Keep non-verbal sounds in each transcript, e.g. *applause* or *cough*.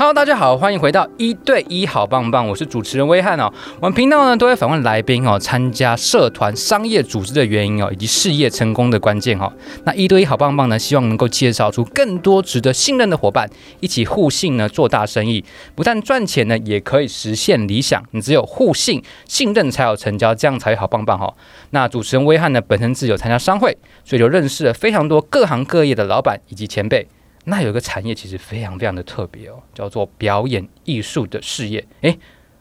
Hello，大家好，歡迎回到一對一好棒棒，我是主持人威漢哦。我們頻道呢，都會訪問來賓哦，參加社團、商業組織的原因哦，以及事業成功的關鍵哦。那一對一好棒棒呢，希望能夠介紹出更多值得信任的夥伴，一起互信呢，做大生意，不但賺錢呢，也可以實現理想。你只有互信，信任才有成交，這樣才有好棒棒哦。那主持人威漢呢，本身自己有參加商會，所以就認識了非常多各行各業的老板以及前輩。那有個產業其實非常非常的特別哦，叫做表演藝術的事業。誒，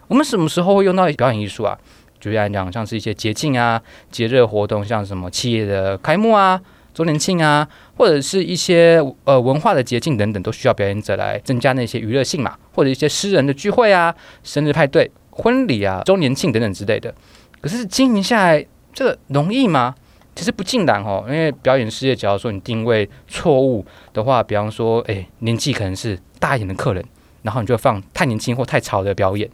我們什麼時候會用到表演藝術啊？舉例來講，像是一些節慶啊、節日活動，像什麼企業的開幕啊、周年慶啊，或者是一些呃文化的節慶等等，都需要表演者來增加那些娛樂性嘛，或者一些私人的聚會啊、生日派對、婚禮啊、周年慶等等之類的。可是經營下來，這個容易嗎？其實不盡然哦，因為表演事業，假如說你定位錯誤的話，比方說，哎，年紀可能是大一點的客人，然後你就放太年輕或太潮的表演，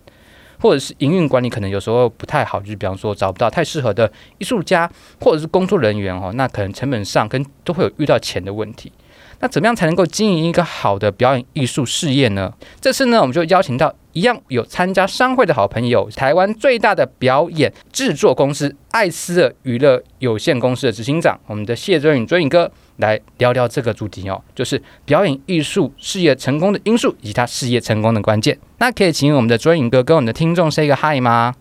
或者是營運管理可能有時候不太好，就是比方說找不到太適合的藝術家或者是工作人員哦，那可能成本上跟都會有遇到錢的問題。那怎麼樣才能夠經營一個好的表演藝術事業呢？這次呢，我們就邀請到。一樣有參加商會的好朋友，台灣最大的表演制作公司艾思爾娛樂有限公司的執行長，我們的謝尊宇尊宇哥來聊聊這個主題哦，就是表演藝術事業成功的因素以及他事業成功的關鍵。那可以請我們的尊宇哥跟我們的聽眾 say 個 hi 嗎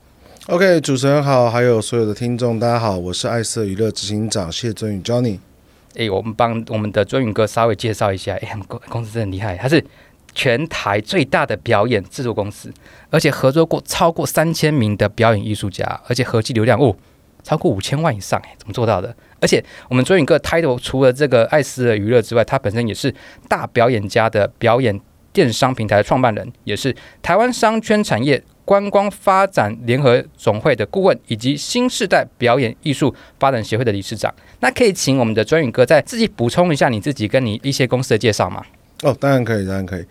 ？OK，主持人好，還有所有的聽眾大家好，我是艾思爾娛樂執行長謝尊宇 Johnny。誒、欸，我們幫我們的尊宇哥稍微介紹一下，誒、欸，我們公公司真厲害，他是。全台最大的表演製作公司，而且合作過超過三千名的表演藝術家，而且合計流量哦超過五千萬以上，怎麼做到的？而且我們尊宇哥 title 除了這個艾思爾娛樂之外，他本身也是大表演家的表演電商平台的創辦人，也是台灣商圈產業觀光發展聯合總會的顧問，以及新時代表演藝術發展協會的理事長。那可以請我們的尊宇哥再自己補充一下你自己跟你一些公司的介紹嗎？哦，當然可以，當然可以。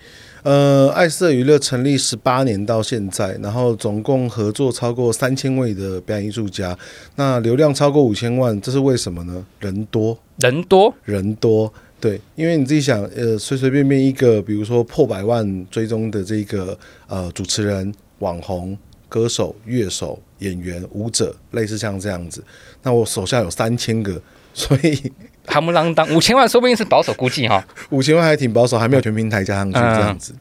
呃，艾思爾娛樂成立十八年到現在，然後總共合作超過三千位的表演藝術家，那流量超過五千萬，這是為什麼呢？人多，人多，人多，對，因為你自己想，呃，隨隨便便一個，比如說破百萬追蹤的這個呃主持人、網紅。歌手、樂手、演員、舞者，類似像這樣子。那我手下有三千個，所以還不噹噹五千萬，說不定是保守估計哈。 *laughs* 五千萬還挺保守，嗯、還沒有全平台加上去這樣子。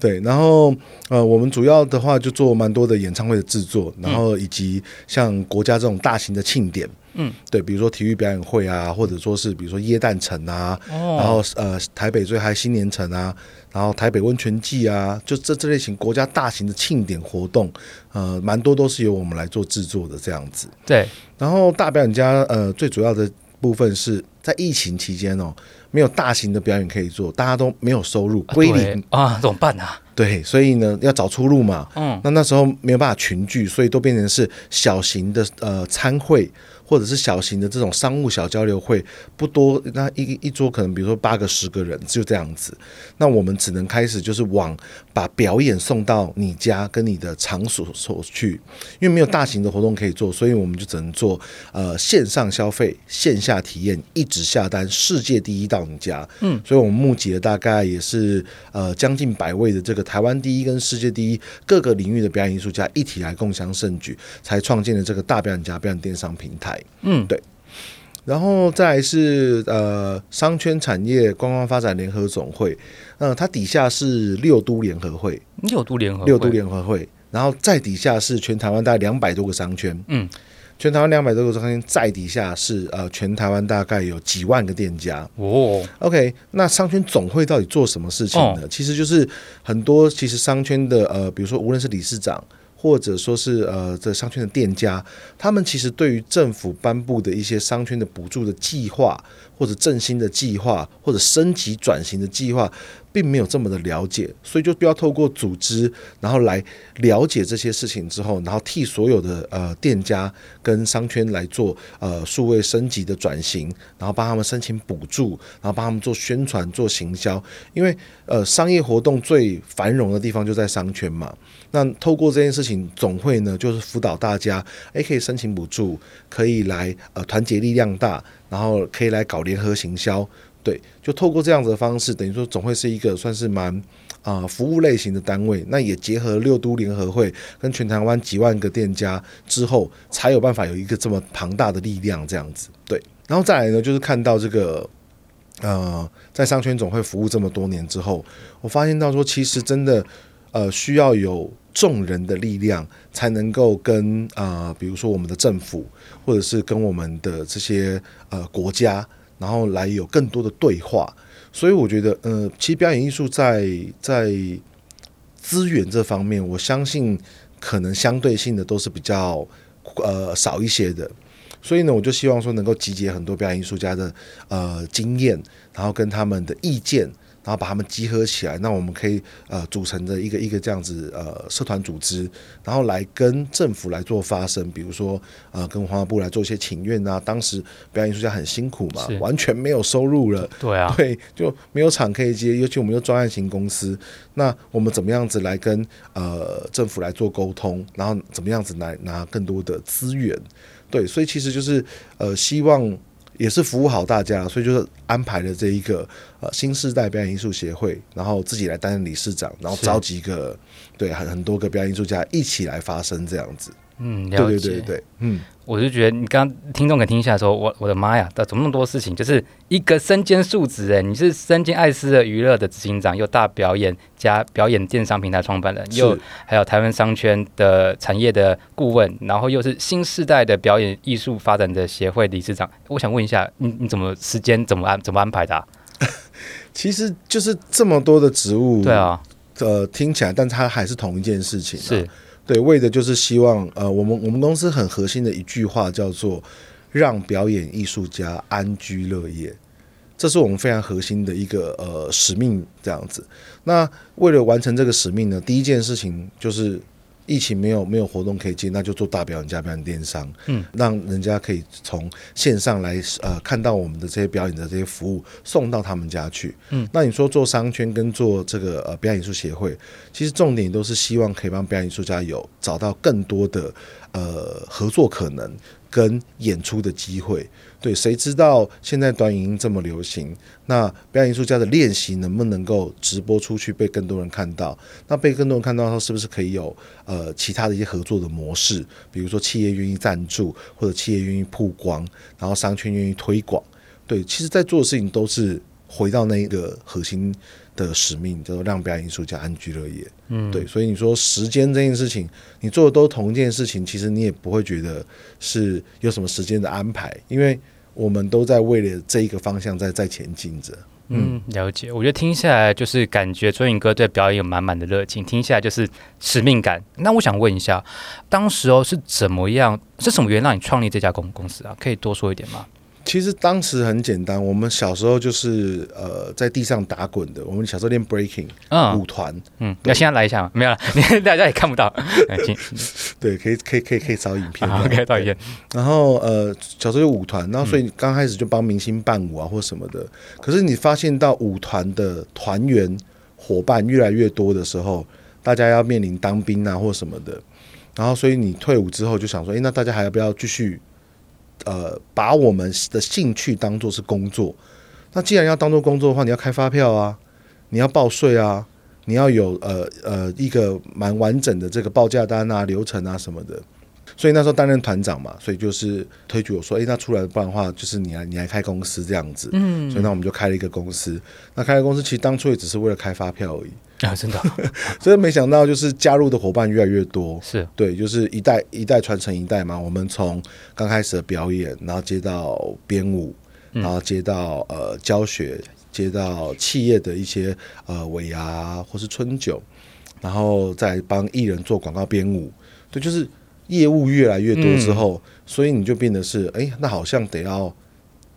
對，然後呃，我們主要的話就做蠻多的演唱會的製作，然後以及像國家這種大型的慶典。嗯嗯，對，比如說體育表演會啊，或者說是比如說耶誕城啊，哦、然後呃台北最嗨新年城啊，然後台北溫泉季啊，就這這類型國家大型的慶典活動，呃，蠻多都是由我們來做制作的這樣子。對，然後大表演家呃最主要的部分是。在疫情期間哦，沒有大型的表演可以做，大家都沒有收入歸零，呃、啊，怎麼辦呢？啊，對，所以呢要找出路嘛。嗯，那那時候沒有辦法群聚，所以都變成是小型的呃餐會，或者是小型的這種商務小交流會，不多。那一一桌可能比如說八個十個人就這樣子。那我們只能開始就是往把表演送到你家跟你的場所所去，因為沒有大型的活動可以做，所以我們就只能做呃線上消費、線下體驗一。只下單，世界第一到你家。嗯，所以我們募集了大概也是呃將近百位的這個台灣第一跟世界第一各個領域的表演藝術家，一起來共享盛舉，才創建了這個大表演家表演電商平台。嗯，對。然後再來是呃商圈產業觀光發展聯合總會，呃，它底下是六都聯合會，六都聯合六都聯合會，然後再底下是全台灣大概兩百多個商圈。嗯。全台灣兩百多個商圈，在底下是呃，全台灣大概有幾萬個店家。哦，Oh，OK，那商圈總會到底做什麼事情呢？Oh. 其實就是很多其實商圈的呃，比如說無論是理事長，或者說是呃這商圈的店家，他們其實對於政府頒布的一些商圈的補助的計劃，或者振興的計劃，或者升級轉型的計劃。並沒有這麼的了解，所以就不要透過組織，然後來了解這些事情之後，然後替所有的呃店家跟商圈來做呃數位升級的轉型，然後幫他們申請補助，然後幫他們做宣傳做行銷，因為呃商業活動最繁榮的地方就在商圈嘛。那透過這件事情，總會呢就是輔導大家，誒可以申請補助，可以來呃團結力量大，然後可以來搞聯合行銷。對，就透過這樣子的方式，等於說總會是一個算是蠻啊、呃、服務類型的單位，那也結合六都聯合會跟全台灣幾萬個店家之後，才有辦法有一個這麼龐大的力量這樣子。對，然後再來呢，就是看到這個呃，在商圈總會服務這麼多年之後，我發現到說其實真的呃需要有眾人的力量，才能夠跟啊、呃、比如說我們的政府，或者是跟我們的這些呃國家。然後來有更多的對話，所以我覺得，呃，其實表演藝術在在資源這方面，我相信可能相對性的都是比較呃少一些的，所以呢，我就希望說能夠集結很多表演藝術家的呃經驗，然後跟他們的意見。然後把他們集合起來，那我們可以呃組成的一個一個這樣子呃社團組織，然後來跟政府來做發聲，比如說呃，跟文化部來做一些請願啊。當時表演藝術家很辛苦嘛，是完全沒有收入了，對啊，對就沒有場可以接，尤其我們有專案型公司，那我們怎麼樣子來跟呃政府來做溝通，然後怎麼樣子來拿更多的資源？對，所以其實就是呃希望。也是服務好大家，所以就是安排了這一個呃新世代表演藝術協會，然後自己來擔任理事長，然後召集一個是對很很多個表演藝術家一起來發聲這樣子。嗯，了解，對，對，對，對，嗯，我就覺得你剛剛聽眾可聽一下說，我我的媽呀，怎麼那麼多事情？就是一個身兼數職，哎，你是身兼艾思爾娛樂的執行長，又大表演加表演電商平台創辦人，是又還有台灣商圈的產業的顧問，然後又是新時代的表演藝術發展的協會理事長。我想問一下，你你怎麼時間怎麼安怎麼安排的、啊？其實就是這麼多的職務，對啊，呃，聽起來，但它他還是同一件事情、啊，是。對，為的就是希望，呃，我們我們公司很核心的一句話叫做“讓表演藝術家安居樂業”，這是我們非常核心的一個呃使命，這樣子。那為了完成這個使命呢，第一件事情就是。疫情沒有沒有活動可以接，那就做大表演加表演電商，嗯，讓人家可以從線上來呃看到我們的這些表演的這些服務送到他們家去，嗯，那你說做商圈跟做這個呃表演藝術協會，其實重點都是希望可以幫表演藝術家有找到更多的呃合作可能，跟演出的機會，對，誰知道現在短影音這麼流行？那表演藝術家的練習能不能夠直播出去，被更多人看到？那被更多人看到是不是可以有呃其他的一些合作的模式？比如說企業願意贊助，或者企業願意曝光，然後商圈願意推廣，對，其實，在做的事情都是。回到那一個核心的使命，叫做讓表演藝術家安居樂業。嗯，對，所以你說時間這件事情，你做的都同一件事情，其實你也不會覺得是有什麼時間的安排，因為我們都在為了這一個方向在在前進着。嗯，嗯，了解。我覺得聽下來就是感覺尊宇哥對表演有滿滿的熱情，聽下來就是使命感。那我想問一下，當時候是怎麼樣，是什麼原因讓你創立這家公公司啊？可以多說一點嗎？其實當時很簡單，我們小時候就是呃，在地上打滾的。我們小時候練 breaking、哦、團嗯，舞團對，嗯，要先來一下嗎？沒有了， *laughs* 大家也看不到。欸、對，可以，可以，可以，可以找影片，啊。OK，找影片。然後呃，小時候有舞團，然後所以剛開始就幫明星伴舞啊，或什麼的。嗯，可是你發現到舞團的團員夥伴越來越多的時候，大家要面臨當兵啊，或什麼的。然後所以你退伍之後就想說，哎，欸，那大家還要不要繼續？呃，把我們的興趣當做是工作，那既然要當做工作的話，你要開發票啊，你要報稅啊，你要有呃呃一個蠻完整的這個報價單啊、流程啊什麼的。所以那時候擔任團長嘛，所以就是推舉我說，哎、欸，那出來不然的話，就是你來你來開公司這樣子。嗯，所以那我們就開了一個公司。那開了個公司其實當初也只是為了開發票而已。啊，真的， *laughs* 所以沒想到，就是加入的夥伴越來越多，是對，就是一代一代傳承一代嘛。我們從剛開始的表演，然後接到編舞，嗯、然後接到呃教學，接到企業的一些呃尾牙或是春酒，然後再幫藝人做廣告編舞。對，就是業務越來越多之後，嗯、所以你就變得是，哎、欸，那好像得要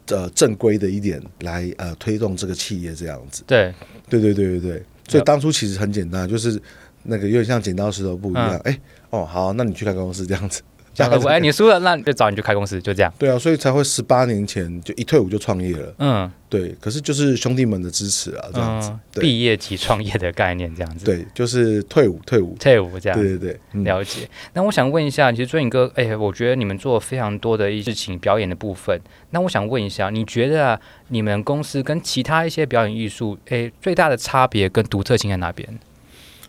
呃正規的一點來呃推動這個企業這樣子。對，對對對對對。所以當初其實很簡單，就是那個有點像剪刀石頭布一樣，哎，哦，好啊，那你去開公司這樣子。個哎、欸，你輸了，那就你就找你去開公司，就這樣。對啊，所以才會十八年前就一退伍就創業了。嗯，對。可是就是兄弟們的支持啊，這樣子，畢、嗯、對業即創業的概念，這樣子。對，就是退伍，退伍，退伍這樣。對對對，很了解。那我想問一下，其實尊宇哥，哎、欸，我覺得你們做了非常多的一事情，表演的部分。那我想問一下，你覺得、啊、你們公司跟其他一些表演藝術，哎、欸，最大的差別跟獨特性在哪邊？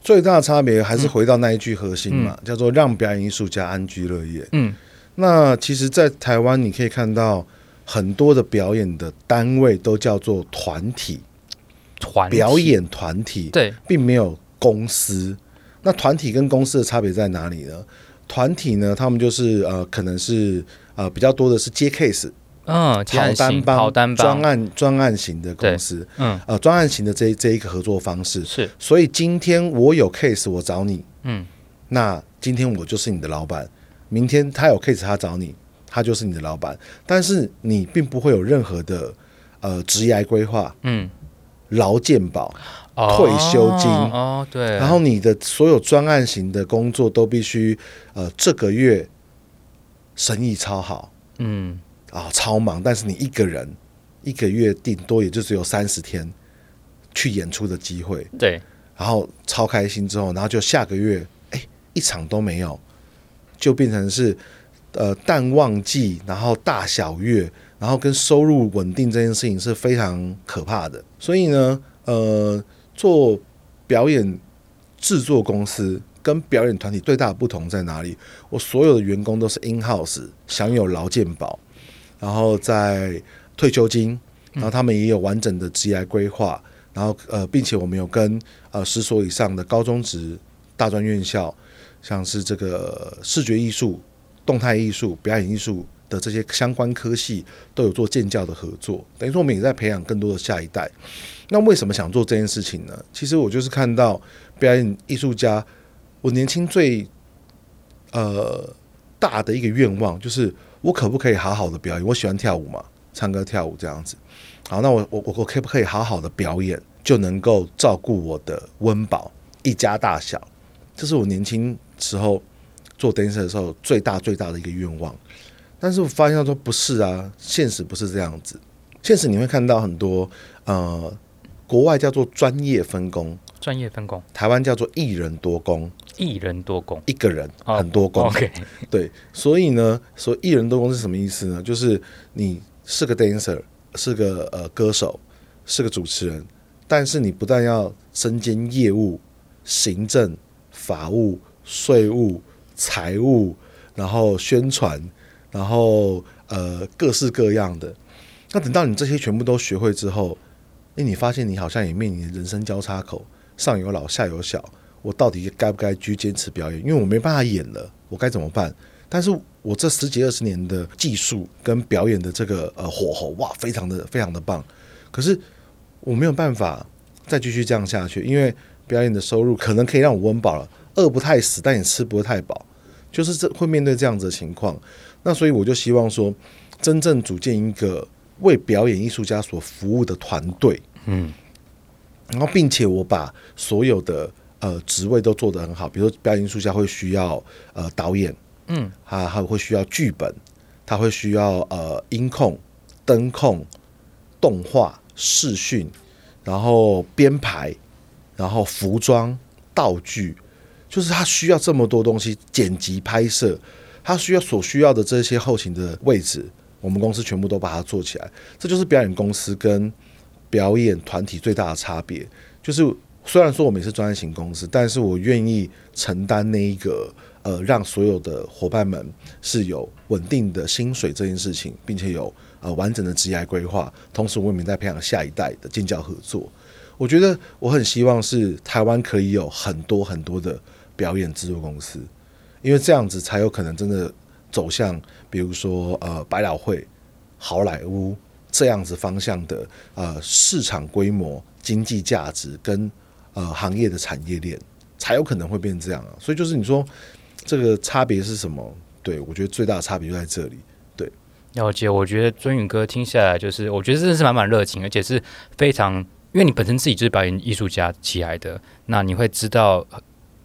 最大的差別還是回到那一句核心嘛，嗯、叫做讓表演藝術家安居樂業。嗯，那其實，在台灣你可以看到很多的表演的單位都叫做團體，團體表演團體。對，並沒有公司。那團體跟公司的差別在哪裡呢？團體呢，他們就是呃，可能是呃比較多的是接 case。嗯，跑單幫專案專案型的公司，嗯，呃，專案型的這一這一,一個合作方式是，所以今天我有 case 我找你，嗯，那今天我就是你的老闆，明天他有 case 他找你，他就是你的老闆，但是你並不會有任何的呃職業規劃，嗯，勞健保、哦、退休金哦，對，然後你的所有專案型的工作都必須呃這個月生意超好，嗯。啊，超忙，但是你一個人，一個月頂多也就只有三十天去演出的機會。對，然後超開心之後，然後就下個月，哎，一場都沒有，就變成是呃淡旺季，然後大小月，然後跟收入穩定這件事情是非常可怕的。所以呢，呃，做表演製作公司跟表演團體最大的不同在哪裡？我所有的員工都是 in house，享有勞健保。然後在退休金，然後他們也有完整的職業規劃，然後呃，並且我們有跟呃十所以上的高中職大專院校，像是這個視覺藝術、動態藝術、表演藝術的這些相關科系都有做建教的合作，等於說我們也在培養更多的下一代。那為什麼想做這件事情呢？其實我就是看到表演藝術家，我年輕最呃大的一個願望就是。我可不可以好好的表演？我喜歡跳舞嘛，唱歌跳舞這樣子。好，那我我我可不可以好好的表演，就能夠照顧我的溫飽，一家大小？這是我年輕時候做 dancer 的時候最大最大的一個願望。但是我發現到說不是啊，現實不是這樣子。現實你會看到很多呃，國外叫做專業分工，專業分工，台灣叫做一人多工。一人多工，一個人、哦、很多工，okay，對，所以呢，所以一人多工是什麼意思呢？就是你是個 dancer，是個呃歌手，是個主持人，但是你不但要身兼業務、行政、法務、稅務、財務，然後宣傳，然後呃各式各樣的。那等到你這些全部都學會之後，誒、欸，你發現你好像也面臨人生交叉口，上有老，下有小。我到底該不該去堅持表演？因為我沒辦法演了，我該怎麼辦？但是我這十幾二十年的技術跟表演的這個呃火候哇，非常的非常的棒。可是我沒有辦法再繼續這樣下去，因為表演的收入可能可以讓我溫飽了，餓不太死，但也吃不太飽，就是這會面對這樣子的情況。那所以我就希望說，真正組建一個為表演藝術家所服務的團隊，嗯，然後並且我把所有的。呃，職位都做得很好，比如說表演藝術家會需要呃導演，嗯，他還會需要劇本，他會需要呃音控、燈控、動畫、視訊，然後編排，然後服裝、道具，就是他需要這麼多東西，剪輯、拍攝，他需要所需要的這些後勤的位置，我們公司全部都把它做起來，這就是表演公司跟表演團體最大的差別，就是。雖然說我們是專案型公司，但是我願意承擔那一個呃，讓所有的夥伴們是有穩定的薪水這件事情，並且有呃完整的職業規劃。同時，我們也在培養下一代的建教合作。我覺得我很希望是台灣可以有很多很多的表演製作公司，因為這樣子才有可能真的走向，比如說呃百老匯、好萊塢這樣子方向的呃市場規模、經濟價值跟。呃，行業的產業鏈才有可能會變這樣啊，所以就是你說這個差別是什麼？對我覺得最大的差別就在這裡。對，而且我覺得尊宇哥聽下來就是，我覺得真的是滿滿熱情，而且是非常，因為你本身自己就是表演藝術家起來的，那你會知道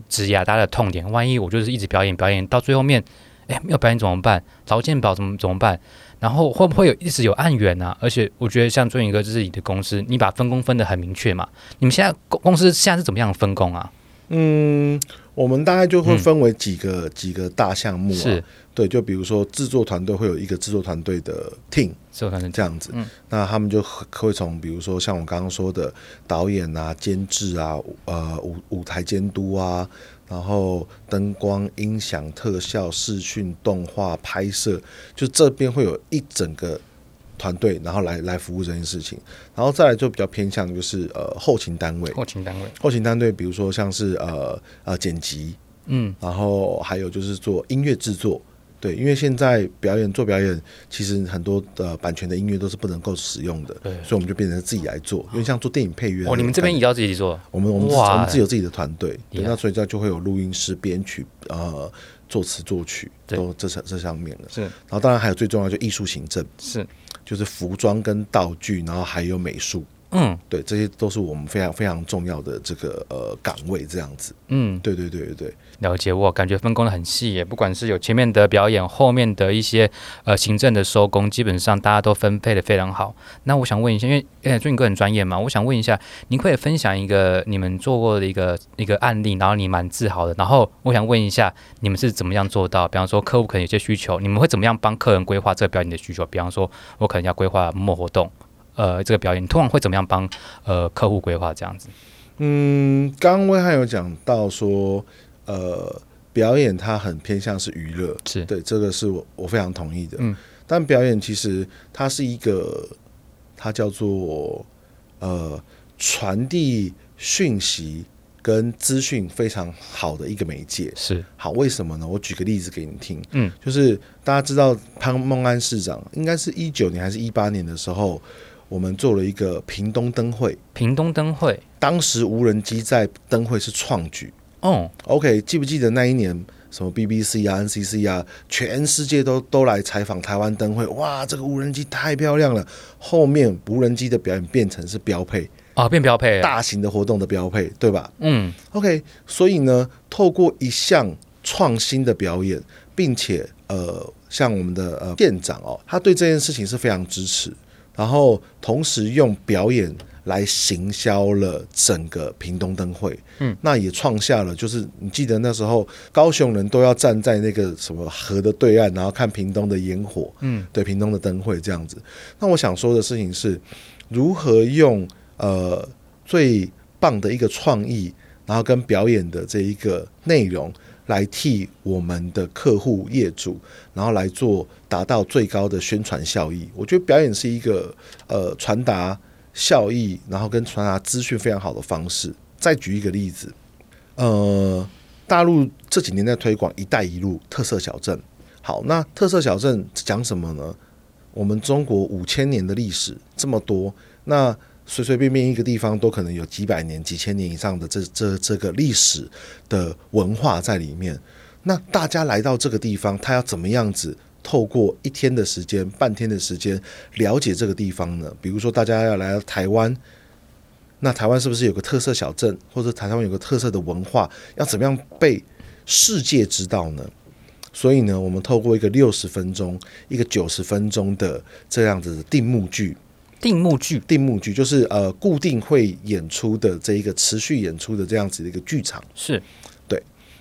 指牙他的痛點。萬一我就是一直表演表演到最後面，哎、欸，沒有表演怎麼辦？找健保怎麼怎麼辦？然後會不會有一直有案源啊？嗯、而且我覺得像尊宇哥就是你的公司，你把分工分得很明確嘛？你們現在公公司現在是怎麼樣分工啊？嗯，我們大概就會分為幾個、嗯、幾個大項目，啊，是，對，就比如說製作團隊會有一個製作團隊的 team，是這樣子，嗯，那他們就會從比如說像我剛剛說的導演啊、監製啊、呃舞舞台監督啊。然後燈光、音響、特效、視訊、動畫、拍攝，就這邊會有一整個團隊，然後來來服務這件事情。然後再來就比較偏向就是呃後勤單位，後勤單位，後勤單位，比如說像是呃呃剪輯，嗯，然後還有就是做音樂制作。對，因為現在表演做表演，其實很多的、呃、版權的音樂都是不能夠使用的，對所以我們就變成自己來做。哦、因為像做電影配樂，哦，你們這邊也要自己做？我們哇我們我們自有自己的團隊，對 Yeah. 那所以就就會有錄音師、編曲、呃、作詞作曲都這上對這、這上面了。是，然後當然還有最重要的就是藝術行政，是，就是服裝跟道具，然後還有美術。嗯，對，這些都是我們非常非常重要的這個呃崗位這樣子。嗯，對對對對對，了解我。我感覺分工得很細耶，不管是有前面的表演，後面的一些呃行政的收工，基本上大家都分配得非常好。那我想問一下，因為誒，尊宇哥很專業嘛，我想問一下，您可以分享一個你們做過的一個一個案例，然後你蠻自豪的。然後我想問一下，你們是怎麼樣做到？比方說，客戶可能有些需求，你們會怎麼樣幫客人規劃這個表演的需求？比方說，我可能要規劃某活動。呃，這個表演通常會怎麼樣幫呃客戶規劃這樣子？嗯，剛剛威翰有講到說，呃，表演它很偏向是娛樂，是對，這個是我我非常同意的。嗯，但表演其實它是一個它叫做呃傳遞訊息跟資訊非常好的一個媒介。是好，為什麼呢？我舉個例子給你聽。嗯，就是大家知道潘孟安市長應該是一九年還是一八年的時候。我們做了一個屏東燈會，屏東燈會，當時無人機在燈會是創舉。哦，OK，記不記得那一年，什麼 BBC 啊、NCC 啊，全世界都都來採訪台灣燈會，哇，這個無人機太漂亮了。後面無人機的表演變成是標配啊，變標配，大型的活動的標配，對吧？嗯，OK，所以呢，透過一項創新的表演，並且呃，像我們的呃店長哦，他對這件事情是非常支持。然後同時用表演來行銷了整個屏東燈會，嗯，那也創下了就是，你記得那時候高雄人都要站在那個什麼河的對岸，然後看屏東的煙火，嗯，對屏東的燈會這樣子。那我想說的事情是，如何用呃最棒的一個創意，然後跟表演的這一個內容來替我們的客戶業主，然後來做達到最高的宣傳效益，我覺得表演是一個呃傳達效益，然後跟傳達資訊非常好的方式。再舉一個例子，呃，大陸這幾年在推廣“一帶一路”特色小鎮。好，那特色小鎮講什麼呢？我們中國五千年的歷史這麼多，那隨隨便便一個地方都可能有幾百年、幾千年以上的這這這個歷史的文化在裡面。那大家來到這個地方，他要怎麼樣子透過一天的時間、半天的時間了解這個地方呢？比如說，大家要來到台灣，那台灣是不是有個特色小鎮，或者台灣有個特色的文化，要怎麼樣被世界知道呢？所以呢，我們透過一個六十分鐘、一個九十分鐘的這樣子的定目劇，定目劇，定目劇就是呃固定會演出的這一個持續演出的這樣子的一個劇場是。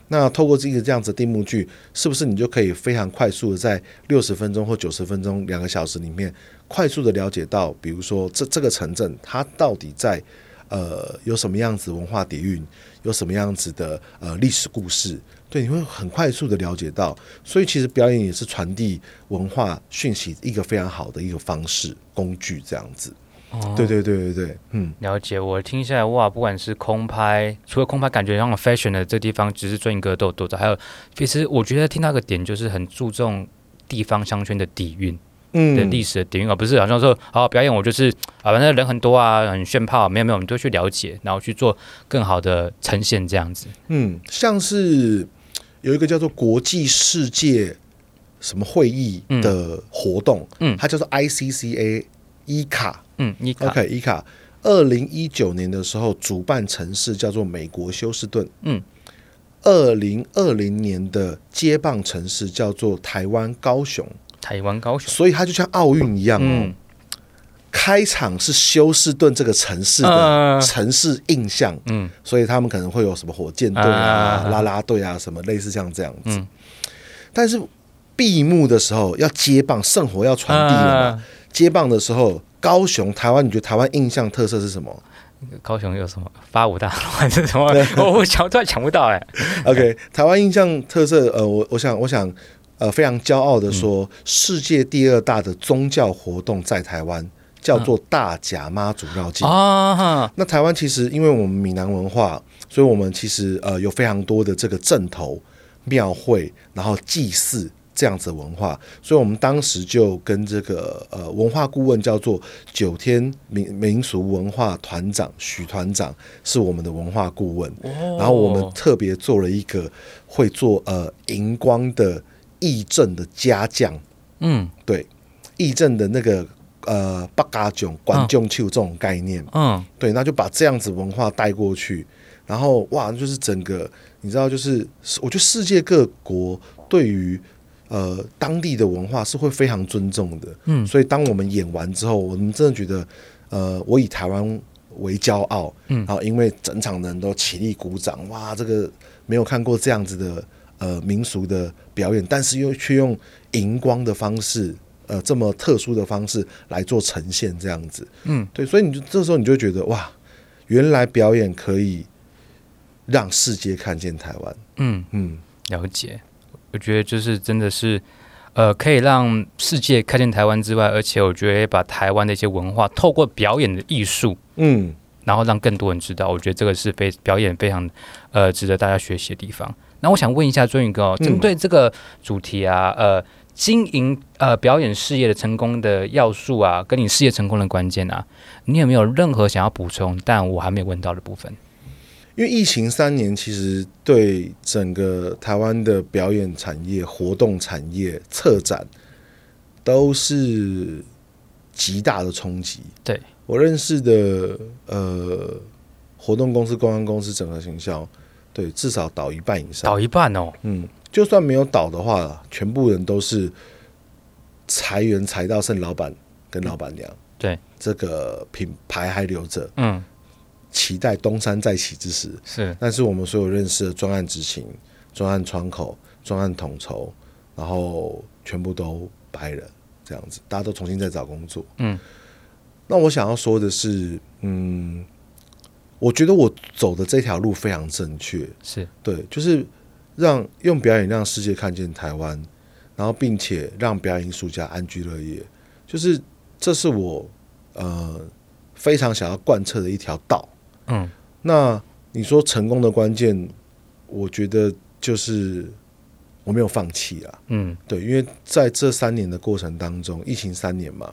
那透過這個這樣子的定目劇，是不是你就可以非常快速的在六十分鐘或九十分鐘、兩個小時裡面，快速的了解到，比如說這這個城鎮它到底在呃有什麼樣子文化底蘊，有什麼樣子的，樣子的呃歷史故事？對，你會很快速的了解到。所以其實表演也是傳遞文化訊息一個非常好的一個方式工具，這樣子。哦、對對對對對，嗯，了解。我聽下來哇，不管是空拍，除了空拍，感覺像 fashion 的這個、地方，只是專業格鬥多的，還有其實我覺得聽到一個點就是很注重地方商圈的底蘊，嗯，的歷史的底蘊啊，不是好像說好，好表演，我就是啊，反正人很多啊，很炫泡炫炮，沒有沒有，我們都去了解，然後去做更好的呈現這樣子。嗯，像是有一個叫做國際世界什麼會議的活動，嗯，嗯，它叫做 ICCA，伊、e、卡。Car, 嗯，伊，OK，伊卡，二零一九年的時候主辦城市叫做美國休斯頓。嗯，二零二零年的接棒城市叫做台灣高雄。台灣高雄，所以它就像奧運一樣，哦，嗯、開場是休斯頓這個城市的城市、呃、城市印象。嗯，所以他們可能會有什麼火箭隊啊、呃、拉拉隊啊，什麼類似像這樣子。嗯、但是閉幕的時候要接棒，聖火要傳遞了嘛。呃、接棒的時候。高雄，台灣，你覺得台灣印象特色是什麼？高雄有什麼八五大樓還是什麼？ *laughs* 我搶，突然搶不到哎、欸。OK，台灣印象特色，呃，我我想，我想，呃，非常驕傲的說，嗯、世界第二大的宗教活動在台灣，叫做大甲媽祖廟祭啊。嗯、那台灣其實因為我們閩南文化，所以我們其實呃有非常多的這個鎮頭廟會，然後祭祀。這樣子的文化，所以我們當時就跟這個呃文化顧問，叫做九天民民俗文化團長，許團長是我們的文化顧問，哦、然後我們特別做了一個會做呃熒光的義政的家將，嗯，對，義政的那個呃八家將、官將首這種概念，嗯，嗯對，那就把這樣子文化帶過去，然後哇，就是整個你知道，就是我覺得世界各國對於呃，當地的文化是會非常尊重的，嗯，所以當我們演完之後，我們真的覺得，呃，我以台灣為驕傲，嗯，然後、啊、因為整場的人都起立鼓掌，哇，這個沒有看過這樣子的呃民俗的表演，但是又卻用熒光的方式，呃，這麼特殊的方式來做呈現，這樣子，嗯，對，所以你就這時候你就覺得，哇，原來表演可以讓世界看見台灣，嗯嗯，了解。我覺得就是真的是，呃，可以讓世界看見台灣之外，而且我覺得把台灣的一些文化透過表演的藝術，嗯，然後讓更多人知道，我覺得這個是非表演非常呃值得大家學習的地方。那我想問一下尊宇哥哦，針對這個主題啊，呃，經營呃表演事業的成功的要素啊，跟你事業成功的關鍵啊，你有沒有任何想要補充？但我還沒有問到的部分。因為疫情三年，其實對整個台灣的表演產業、活動產業、策展都是極大的衝擊。對我認識的呃，活動公司、公關公司、整合行銷，對，至少倒一半以上，倒一半哦。嗯，就算沒有倒的話，全部人都是裁員裁到剩老板跟老板娘，嗯。對，這個品牌還留着。嗯。期待東山再起之時，是，但是我們所有認識的專案執行、專案窗口、專案統籌，然後全部都白人，這樣子，大家都重新在找工作。嗯，那我想要說的是，嗯，我覺得我走的這條路非常正確，是對，就是讓用表演讓世界看見台灣，然後並且讓表演藝術家安居樂業，就是這是我呃非常想要貫徹的一條道。嗯，那你說成功的關鍵，我覺得就是我沒有放棄啊。嗯，對，因為在這三年的過程當中，疫情三年嘛，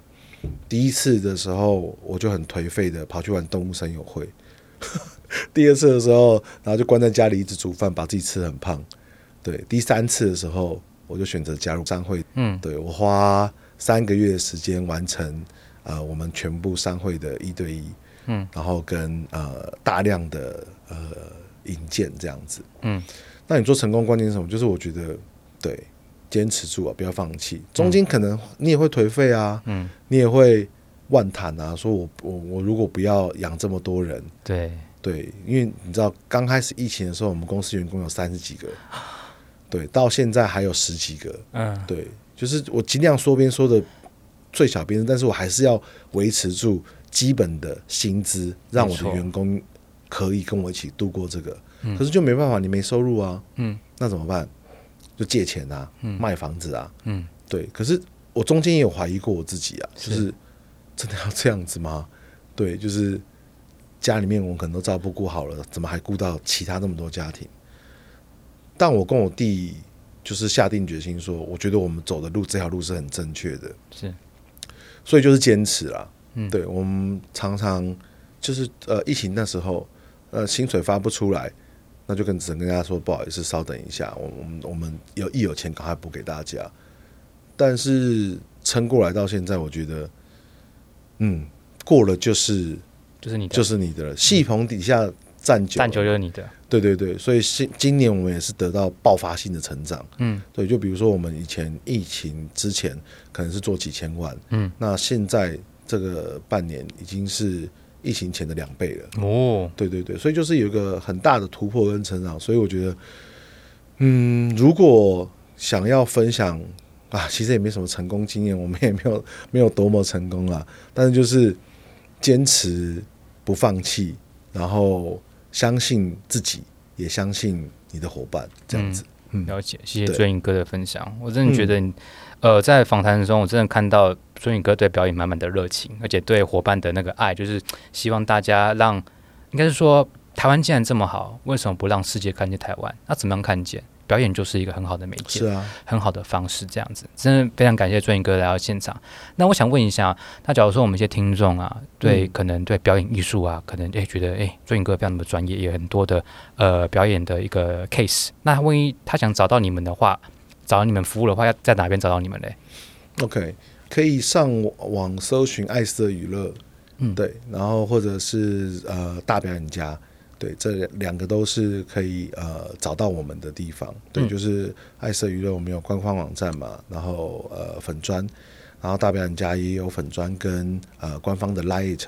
第一次的時候我就很頹廢的跑去玩動物森友會呵呵，第二次的時候，然後就關在家裡一直煮飯，把自己吃得很胖。對，第三次的時候，我就選擇加入商會。嗯，對，我花三個月的時間完成，呃，我們全部商會的一對一。嗯，然後跟呃大量的呃引薦這樣子，嗯，那你做成功關鍵是什麼？就是我覺得對，堅持住啊，不要放棄。中間可能你也會頹廢啊，嗯，你也會萬談啊，說我我我如果不要養這麼多人，對對，因為你知道剛開始疫情的時候，我們公司員工有三十幾個，對，到現在還有十幾個，嗯，對，就是我盡量縮編，縮的最小編，但是我還是要維持住。基本的薪資讓我的員工可以跟我一起度過這個，嗯、可是就沒辦法，你沒收入啊，嗯，那怎麼辦？就借錢啊，嗯、賣房子啊，嗯，對。可是我中間也有懷疑過我自己啊，就是，是真的要這樣子嗎？對，就是家裡面我們可能都照顧不顧好了，怎麼還顧到其他那麼多家庭？但我跟我弟就是下定決心說，我覺得我們走的路這條路是很正確的，是，所以就是堅持啦。嗯，對，我們常常就是呃，疫情那時候，呃，薪水發不出來，那就跟只能跟大家說不好意思，稍等一下，我我們我們有一有錢趕快補給大家。但是撐過來到現在，我覺得，嗯，過了就是就是你的就是你的了，戲棚底下站久站、嗯、久就是你的，對對對，所以今今年我們也是得到爆發性的成長，嗯，對，就比如說我們以前疫情之前可能是做幾千萬，嗯，那現在。這個半年已經是疫情前的兩倍了。哦，對對對，所以就是有一個很大的突破跟成長。所以我覺得，嗯，如果想要分享啊，其實也沒什麼成功經驗，我們也沒有沒有多麼成功啊。但是就是堅持不放棄，然後相信自己，也相信你的夥伴，這樣子。嗯，了解。對謝謝尊宇哥的分享，我真的覺得你。嗯呃，在訪談中，我真的看到尊宇哥對表演滿滿的熱情，而且對夥伴的那個愛，就是希望大家讓，應該是說台灣既然這麼好，為什麼不讓世界看見台灣？那、啊、怎麼樣看見？表演就是一個很好的媒介，啊、很好的方式。這樣子，真的非常感謝尊宇哥來到現場。那我想問一下，那假如說我們一些聽眾啊，對、嗯、可能對表演藝術啊，可能哎覺得誒，尊宇哥比較那麼專業，也有很多的呃表演的一個 case。那萬一他想找到你們的話，找你們服務的話，要在哪邊找到你們嘞？OK，可以上網搜尋艾思爾娛樂，嗯，對，然後或者是呃大表演家，對，這兩個都是可以呃找到我們的地方。對，嗯、就是艾思爾娛樂我們有官方網站嘛，然後呃粉專，然後大表演家也有粉專跟呃官方的 LINE。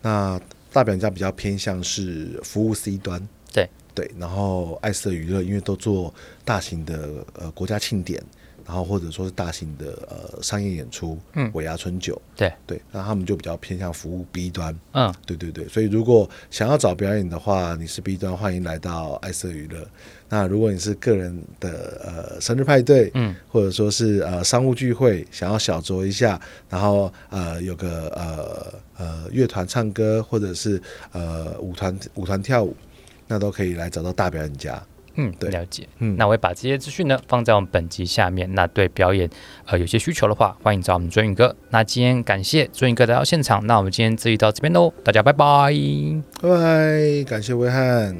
那大表演家比較偏向是服務 C 端。對對，然後艾思爾娛樂因為都做大型的呃國家慶典，然後或者說是大型的呃商業演，演出，嗯，尾牙春酒，對對，那他們就比較偏向服務 B 端，嗯，對對對，所以如果想要找表演的話，你是 B 端，歡迎來到艾思爾娛樂。那如果你是個人的呃生日派對，嗯，或者說是呃商務聚會，想要小酌一下，然後呃有個呃呃樂團唱歌，或者是呃舞團舞團跳舞。那都可以來找到大表演家，嗯，對，了解，嗯，那我也把這些資訊呢放在我們本集下面。那對表演，呃，有些需求的話，歡迎找我們尊宇哥。那今天感謝尊宇哥來到現場，那我們今天就到這邊嘍，大家拜拜，拜拜，感謝威漢。